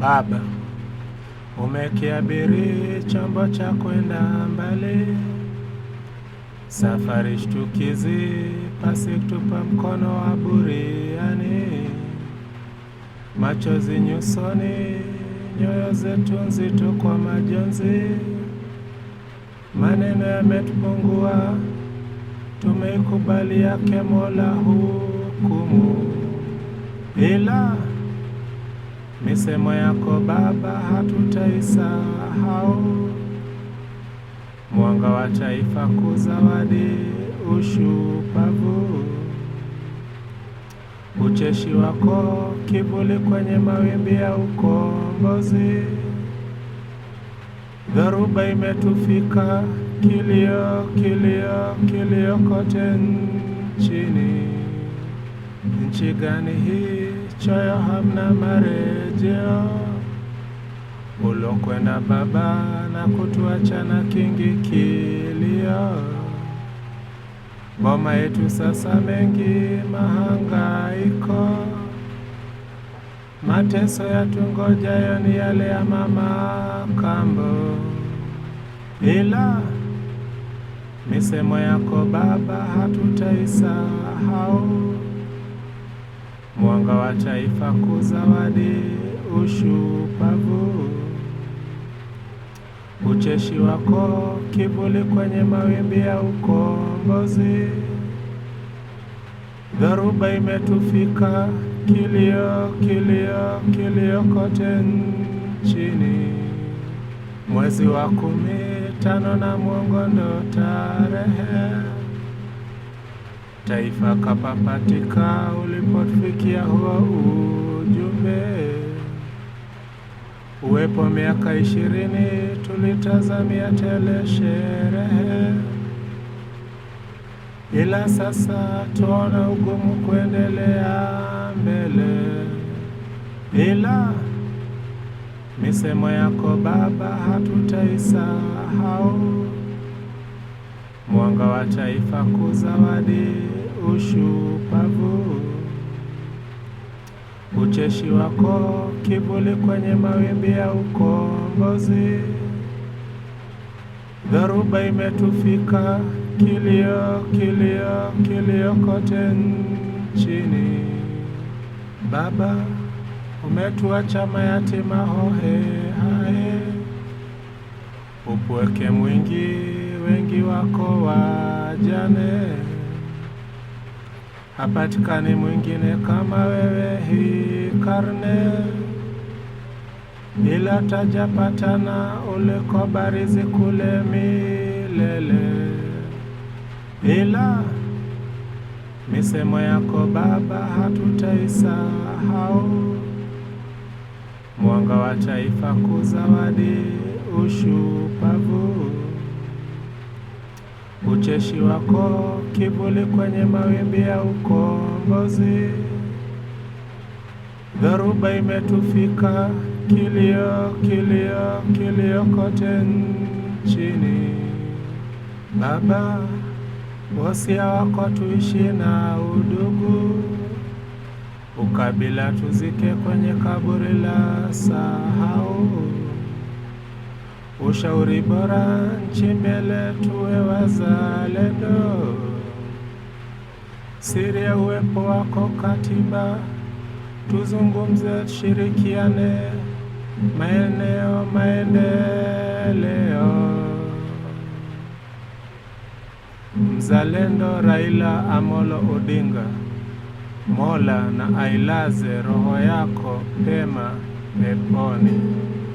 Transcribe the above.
Baba, umekiabiri chombo cha kwenda mbali, safari shtukizi, pasi kutupa mkono wa buriani, machozi nyusoni, nyoyo zetu nzito kwa majonzi, maneno yametupungua, tumeikubali yake Mola hukumu ila Misemo yako Baba hatutaisahau, mwanga wa taifa kuzawadi ushupavu, ucheshi wako kivuli kwenye mawimbi ya ukombozi. Dharuba imetufika, kilio, kilio, kilio kote nchini. Nchi gani hii? choyo hamna marejeo, ulokwenda Baba na kutuacha na kingi kilio. Boma yetu sasa mengi mahangaiko, mateso yatungojayo ni yale ya mama kambo, ila misemo yako Baba hatutaisahau. Mwanga wa Taifa kuzawadi ushupavu, ucheshi wako kivuli kwenye mawimbi ya ukombozi. Dharuba imetufika, kilio, kilio, kilio kote nchini. Mwezi wa kumi, tano na mwongo ndo tarehe taifa kapapatika ulipofikia huo ujumbe. Uwepo miaka ishirini tulitazamia tele sherehe, ila sasa tuona ugumu kuendelea mbele, ila misemo yako Baba hatutaisahau. Mwanga wa Taifa kuzawadi ushupavu, ucheshi wako kivuli kwenye mawimbi ya ukombozi. Dharuba imetufika, kilio, kilio, kilio kote nchini. Baba, umetuacha mayatima hohe hae, upweke mwingi, wengi wako wajane hapatikani mwingine kama wewe, hii karne ila tajapatana barizi kule milele, ila misemo yako Baba hatutaisahau. Mwanga wa taifa kuzawadi ushupavu ucheshi wako, kivuli kwenye mawimbi ya ukombozi. Dharuba imetufika, kilio, kilio, kilio kote nchini. Baba, wosia wako tuishi na udugu, ukabila tuzike kwenye kaburi la sahau Ushauri bora nchi mbele, tuwe wazalendo. Siri ya uwepo wako katiba, tuzungumze, tushirikiane, maeneo maendeleo. Mzalendo Raila Amolo Odinga. Mola na ailaze roho yako pema peponi.